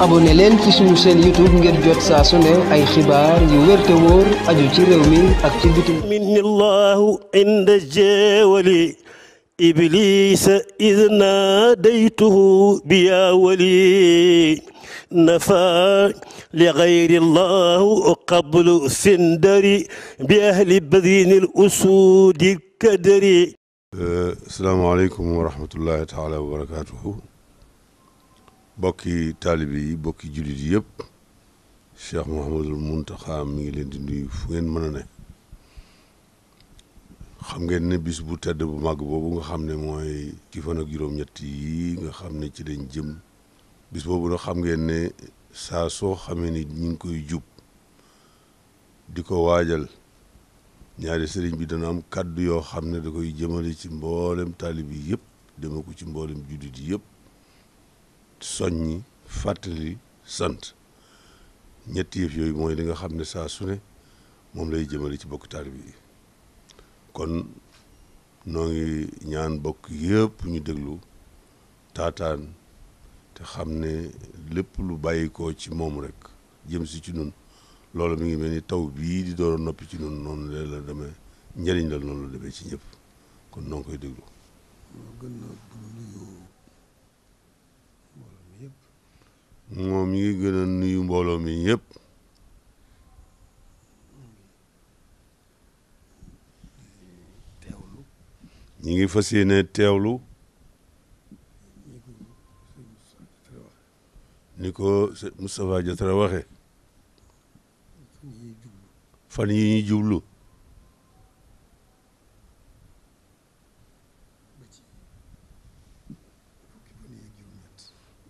abonné leen ci suñu chaîne youtube ngir jot ay xibaar yu wér aju ci réew ak ci bitim minni llahu inda jeewali iblisa id naadaytuhu bi yaa wali nafa li gayri llahu qablu sindari bi ahli badini l usuudi kadari salaamaaleykum wa rahmatullahi taala wa barakatuhu bokki taalibe yi bokki jullit yi yëpp Cheikh Mouhamadul Mountakha mi ngi leen di nuyu fu ngeen mën a ne xam ngeen ne bis bu tedd bu màgg boobu nga xam ne mooy ci fan ak juróom-ñett yi nga xam ne ci dañ jëm bis boobu nag xam ngeen ne saa soo xamee ni ñu ngi koy jub di ko waajal ñaari sëriñ bi dana am kàddu yoo xam ne da koy jëmale ci mboolem taalibe yi yëpp dema ko ci mboolem julit yi yëpp soññi fàttali sant ñetti yëf yooyu mooy li nga xam ne saa su ne moom lay jëmale ci bokk taalibe yi kon noo ngi ñaan bokk yëpp ñu déglu taataan te xam ne lépp lu bàyyikoo ci moom rek jëm si ci nun lool mi ngi mel ni taw bii di door a noppi ci nun noonu la la demee njëriñ la noonu la demee ci ñëpp kon noo ngi koy déglu. moom mi ngi gën a nuyu mbooloo mi yëpp ñi ngi fas yéene teewlu ni ko Moustapha Diatra waxe fan yi ñu jublu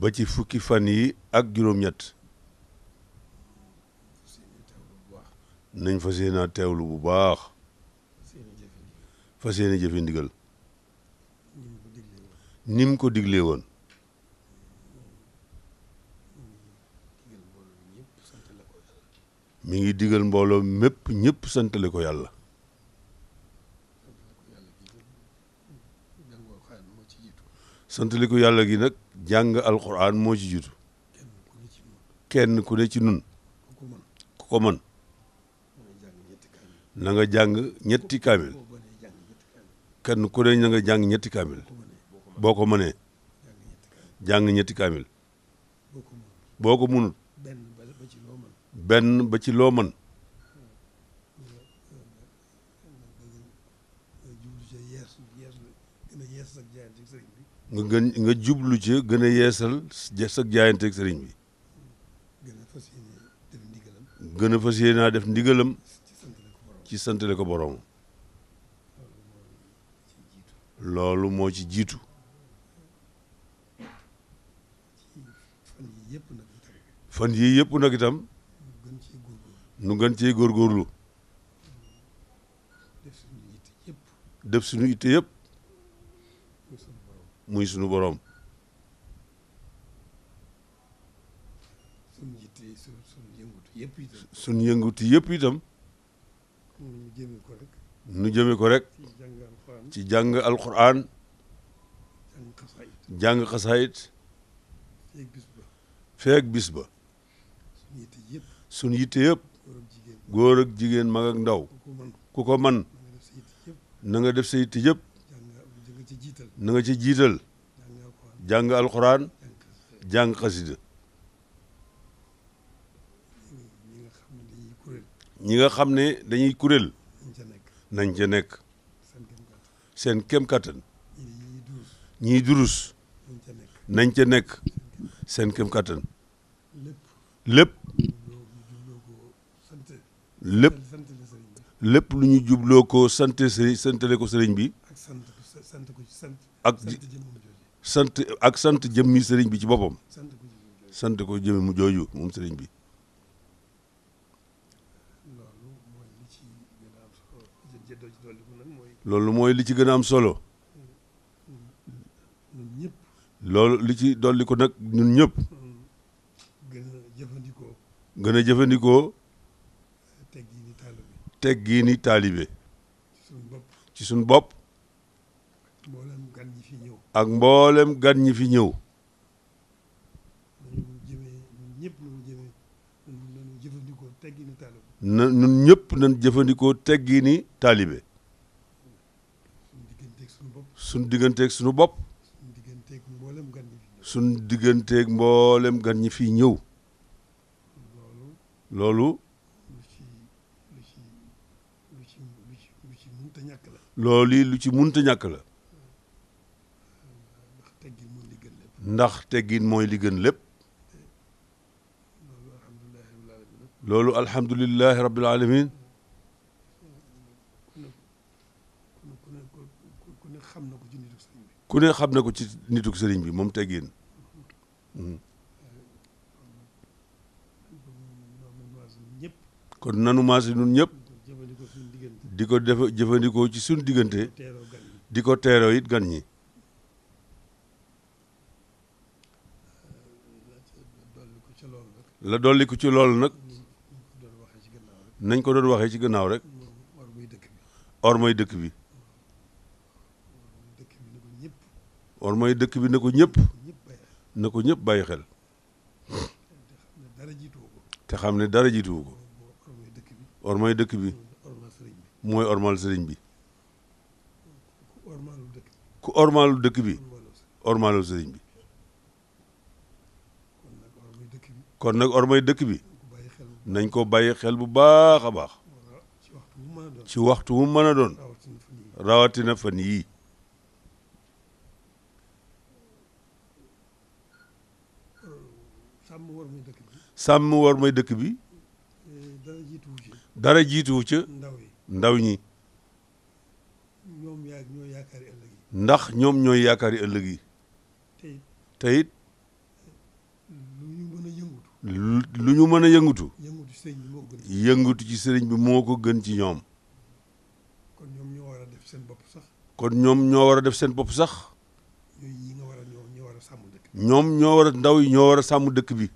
ba ci fukki fan yi ak juróom-ñett nañ fas yéenaa teewlu bu baax fas yéene jëfe ndigal mu ko diglee woon mi ngi digal mbooloo mépp ñëpp santale ko yàlla sant li ko yàlla gi nag jàng alquran moo ci jiitu kenn ku ne ci nun ku ko mën na nga jàng ñetti kaamil kenn ku ne na nga jàng ñetti kaamil boo ko mënee jàng ñetti kaamil boo ko mënul benn ba ci loo man nga gën nga jublu ci gën a yeesal sa jaayante ak sëriñ bi gën a fas yéene naa def ndigalam ci santale ko borom loolu moo ci jiitu fan yii yëpp nag itam nu gën cee góorgóorlu def suñu itte yëpp muy sunu boroom. sunu yitte sunu yëngutu yëpp itam. sunu yëngutu nu jëme ko rek. ci jàng alquran. jàng xasaayit. feeg bis ba. feeg yitte yëpp. sunu yitte yëpp. jigéen mag ak ndaw. ku man na nga def sa yitte yëpp. na nga ci jiital jàng alxuraan jàng xasida ñi nga xam ne dañuy kuréel nañ ca nekk seen kem kattan ñiy durus nañ ca nekk seen kem kattan lépp lépp lu ñu jubloo ko sante sëriñ santale ko sëriñ bi ak sant ak sant jëmmi sëriñ bi ci boppam sant ko jëmmi mu jooju moom sëriñ bi loolu mooy li ci gën a am solo loolu li ci dolli ko nag ñun ñëpp gën a jëfandikoo gën a jëfandikoo teggiini taalibe teggiini taalibe ci suñ bopp bopp ak mboolem gan ñi fi ñëw na ñun ñëpp nañ jëfandikoo teggi ni taalibe suñ digganteek sunu bopp suñ digganteeg mboolem gan ñi fi ñëw loolu loolu yi lu ci munta ñàkk la ndax teggin mooy li gën lépp loolu alhamdulilahi rabbil alamin ku ne xam na ko ci nituk sëriñ bi moom teggin kon nanu maasi nun ñëpp di ko def jëfandikoo ci suñu diggante di ko teeroo it gan ñi la dolli ko ci loolu nag nañ ko doon waxee ci gannaaw rek or mooy dëkk bi or dëkk bi na ko ñëpp na ko ñëpp bàyyi xel te xam ne dara jiituwu ko or dëkk bi mooy ormal sëriñ bi ku ormaalu dëkk bi ormaalu sëriñ bi kon nag ormay dëkk bi nañ ko bàyyi xel bu baax a baax ci waxtu wu mën a doon rawatina fan yii sàmm war moy dëkk bi dara jiituwu ci ndaw ñi ndax ñoom ñooy yaakaari ëllëg yi te lu ñu mën a yëngatu. yëngatu ci sëriñ bi moo ko gën. ci sëriñ bi moo ko gën ci ñoom. kon ñoom ñoo war a def seen bopp sax. kon ñoom ñoo war a def seen bopp sax. ñoom ñoo war a ndaw yi ñoo war a sàmm dëkk bi.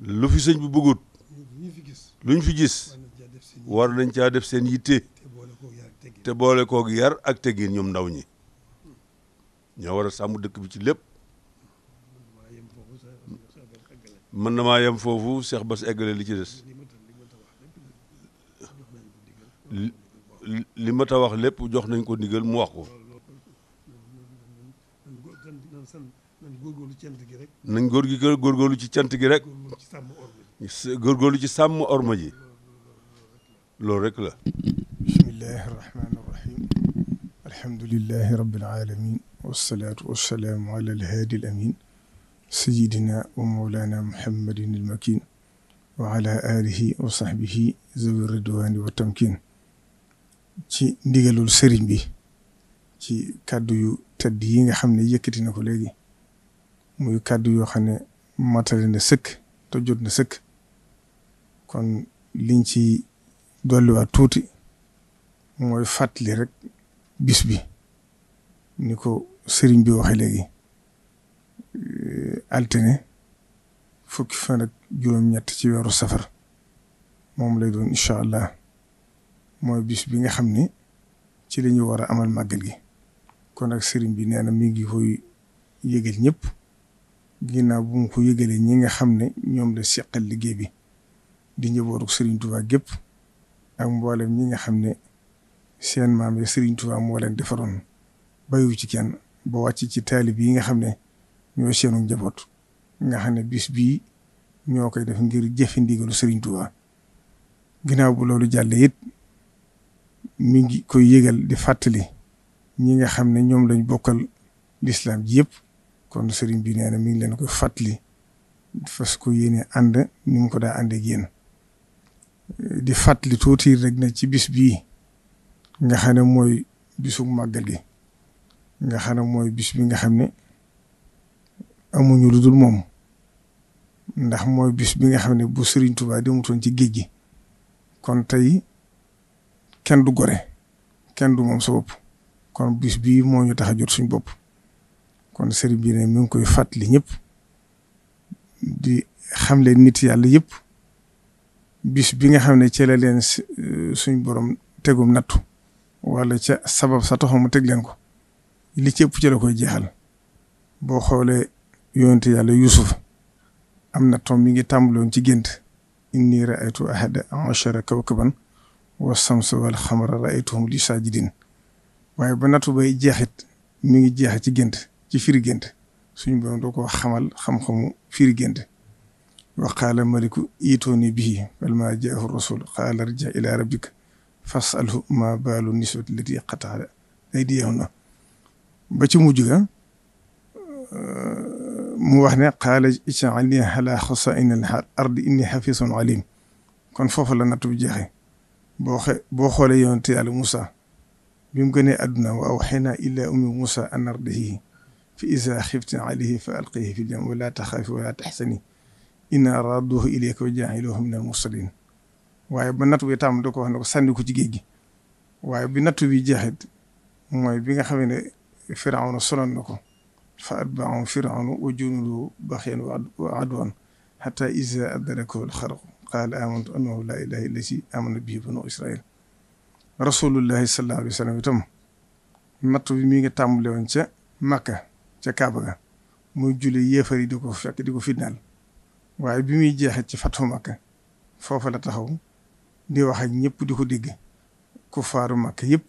lu fi sëñ bi bëggut. lu ñu fi gis. war nañ caa def seen yitte. te boole koog yar ak teggin ñoom ndaw ñi. ñoo war a sàmm dëkk bi ci lépp. mën na maa yem foofu Cheikh Bass eggale li ci des li ma ta wax lépp jox nañ ko ndigal mu wax ko nañ góor gi góorgóorlu ci cant gi rek góorgóorlu ci sàmm orma ji loolu rek la bismillahi rahmaani rahim alhamdulillahi rabbil alamin wassalatu wassalamu ala alhaadi alamin sayyidina wa mawlaana Muhammadin al-makiin wa alaa aalihi wa sahbihi zawi ridwaani wa ci ndigalul sëriñ bi ci kàddu yu tedd yi nga xam ne yëkkati na ko léegi muy kàddu yoo xam ne matale na sëkk te jot na sëkk kon liñ ci dolliwaat tuuti mooy fàttali rek bis bi ni ko sëriñ bi waxe léegi altine fukki fan ak juróom-ñett ci weeru safar moom lay doon incha allah mooy bis bi nga xam ni ci la ñu war a amal màggal gi kon nag sëriñ bi nee na mi ngi koy yëgal ñëpp ginnaaw bu mu ko yëgalee ñi nga xam ne ñoom la seqal liggéey bi di njëbooru sëriñ Tuubaa gépp ak mboolem ñi nga xam ne seen maam ya sëriñ Tuubaa moo leen defaroon bayu ci kenn ba wàcc ci taalib yi nga xam ne ñoo seenu njaboot nga xam ne bis bii ñoo koy def ngir jëfe ndigalu Serigne Touba ginnaaw bu loolu jàll it mu ngi koy yëgal di fàttali ñi nga xam ne ñoom lañu bokkal lislaam ji yëpp kon Serigne bi nee na mi ngi leen koy fàttali fas ko yéene ànd ni ngi ko daa àndee ak yéen di fàttali tuuti rek na ci bis bii nga xam ne mooy bisu màggal gi nga xam ne mooy bis bi nga xam ne. amuñu lu dul moom ndax mooy bis bi nga xam ne bu Serigne di demutoon ci géej gi kon tey kenn du gore kenn du moom sa bopp kon bis bii moo ñu tax a jot suñ bopp kon Serigne bii ne mi ngi koy fàttali ñëpp di xam leen nit yàlla yëpp bis bi nga xam ne ci la leen euh, suñ borom tegum nattu wala ca sabab sa taxaw mu teg leen ko li ci ëpp ci koy jeexal boo xoolee. yonent yàlla Yuusuf am na tom mi ngi tàmbaloon ci gént inni raaytu ahada ashara kawkaban wa samsa wal xamara raaytuhum li saajidin waaye ba natu bay jeexit mi ngi jeex ci gént ci firi gént suñu borom doo ko xamal xam-xamu firi gént wa qaala maliku iitooni bihi falammaa jaahu rasul qaala rja ila rabbika fasalhu ma baalu niswati lati qataada aydiyahunna ba ci mujj ga mu wax ne qaala ij'al li ala xasaa'ini al-ardi inni xafisun alim kon foofu la natt bu jeexee boo xe boo xoolee yonent yàlla Moussa bi mu gënee àdduna wa awxaynaa ilaa ummi Moussa an ardihi fa izaa xifti alayhi fa alqihi fi jam wa laa taxaafi wa waaye ba natt bi tàmm da ko wax ne ko ci géej gi waaye bi natt bi jeexit mooy bi nga xam ne Firawna sonal na ko. fa atbaahum firaawnu wa junuuduhu baxyan wa adwan xataa izaa adrakahu alxaraqu qaala aamantu annahu laa ilaaha illa llazii aamanat bihi banuu Israa'iil rasuulullaahi sallallaahu alayhi wa sallam itam matt bi mi ngi tàmbale woon ca Makka ca Kaaba ga muy julli yéefar yi di ko fekk di ko fitnaal waaye bi muy jeexee ci Fathu Makka foofa la taxaw di wax ak ñëpp di ko dégg kuffaaru Makka yëpp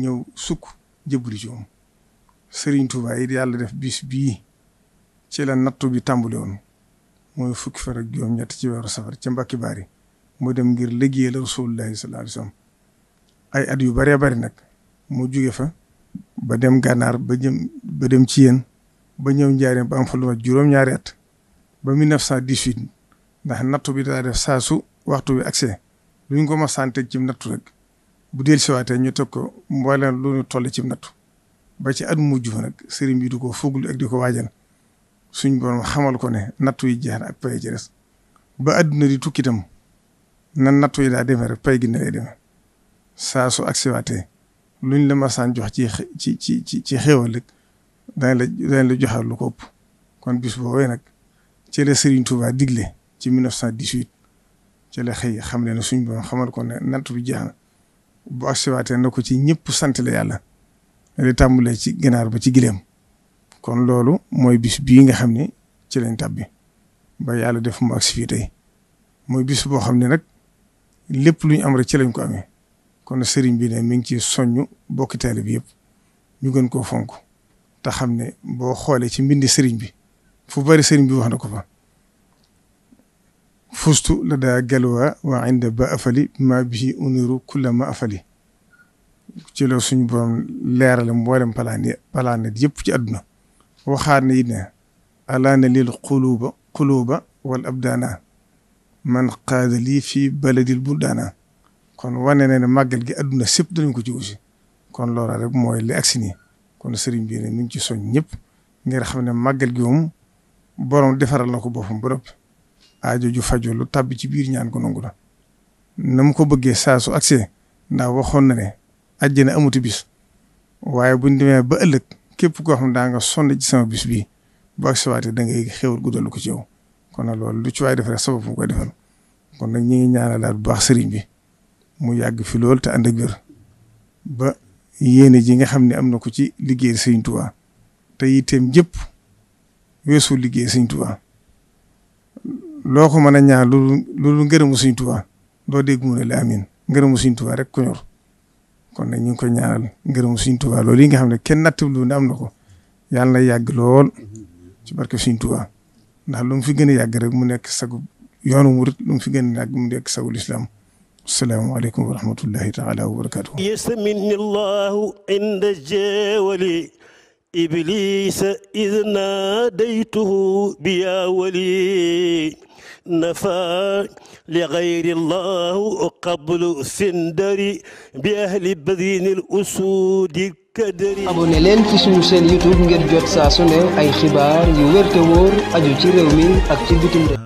ñëw sukk jëbbali ci moom Serigne Touba it yàlla def bis bii ci la nattu bi tàmbali woon mooy fukki fan ak juróom-ñett ci weeru safar ci Mbàkke Baari mu dem ngir la Rasulullahi sallallahu alayhi wasallam ay at yu bëree bëri nag mu jóge fa ba dem gànnaar ba ba dem ci yéen ba ñëw njaareem ba am fa lu mat juróom-ñaari at ba 1918 ndax nattu bi daa def saa su waxtu bi accès lu ñu ko ma sante ci nattu rek bu dellusiwaatee ñu teg ko mbooleem lu ñu toll cim nattu ba ci at mujj fa nag sëriñ bi du ko foglu ak di ko waajal suñ borom xamal ko ne nattu yi jeex na ak pay ci des ba adduna di tukki itam nan nattu yi daa demee rek pay gi na lay demee saa su agsiwaatee luñ la masaan jox ci ci ci ci ci xéewal rek dañ la dañ lu ko ëpp kon bis boobee nag ci la Serigne Touba digle ci 1918 ci la xëy xam ne ne suñ borom xamal ko ne natt bi jeex boo bu agsiwaatee na ko ci ñëpp sant la yàlla. di tàmbalee ci ginaar ba ci gileem kon loolu mooy bis bii nga xam ne ci lañ bi ba yàlla def mu agsi fii tey mooy bis boo xam ne nag lépp lu ñu am rek ci ko amee kon sëriñ bi ne mi ngi ci soññ bokki taali bi yëpp ñu gën koo fonk te xam ne boo xoolee ci mbindi sëriñ bi fu bari sëriñ bi wax na ko fa fustu la daa galwaa waa inde ba afali ma bi uniru kulla ma afali ci la suñu borom leerale mboolem palaani palaanet yëpp ci àdduna waxaat na it ne alaana lil quluuba quluuba wal abdaana man qaada lii fii baladil buldaana kon wane na ne màggal gi àdduna sëpp danañ ko ci aussi kon loola rek mooy li agsi nii kon sëriñ bi ne mi ngi ci soñ ñëpp ngir xam ne màggal gi moom borom defaral na ko boppam bërëb aajo ju fajoo lu tàbbi ci biir ñaan ko nangu la na ko bëggee saasu su agsee ndax waxoon na ne àjjana amatu bis waaye buñ demee ba ëllëg képp koo xam ne daa nga sonn ci bis bii boo ak sawaatee da ngay xewal guddal ko ci yow kon nag loolu lu ci waay def rek sababu mu koy kon nag ñi ngi ñaanalaat bu baax sëriñ bi mu yàgg fi loolu te ànd ak wér ba yéene ji nga xam ne am na ko ci liggéey sëriñ Tuubaa te yitteem jëpp weesu liggéey sëriñ Tuubaa loo ko mën a ñaan loolu loolu ngërëmu sëriñ Tuubaa doo dégg mu ne la amin ngërëmu sëriñ Tuubaa rek ko ñor kon nag ñu ngi koy ñaanal ngërëm suñ Tuubaa loolu yi nga xam ne kenn nattablu ne am na ko yàlla na yàgg lool ci barke suñ Tuubaa ndax lu fi gën a rek mu nekk sagu yoonu murit lu fi gën a yàgg mu nekk sagu lislaam asalaamaaleykum wa rahmatullahi taala wa barakaatuhu yasmini llahu inda jeewali iblisa id naadaytuhu biya wali نفى لغير الله قبل سندري بأهل بذين الأسود kadri abonné leen ci suñu chaîne YouTube ngir jot saa su ay xibaar yu wér te aju ci réew ak ci bitim réew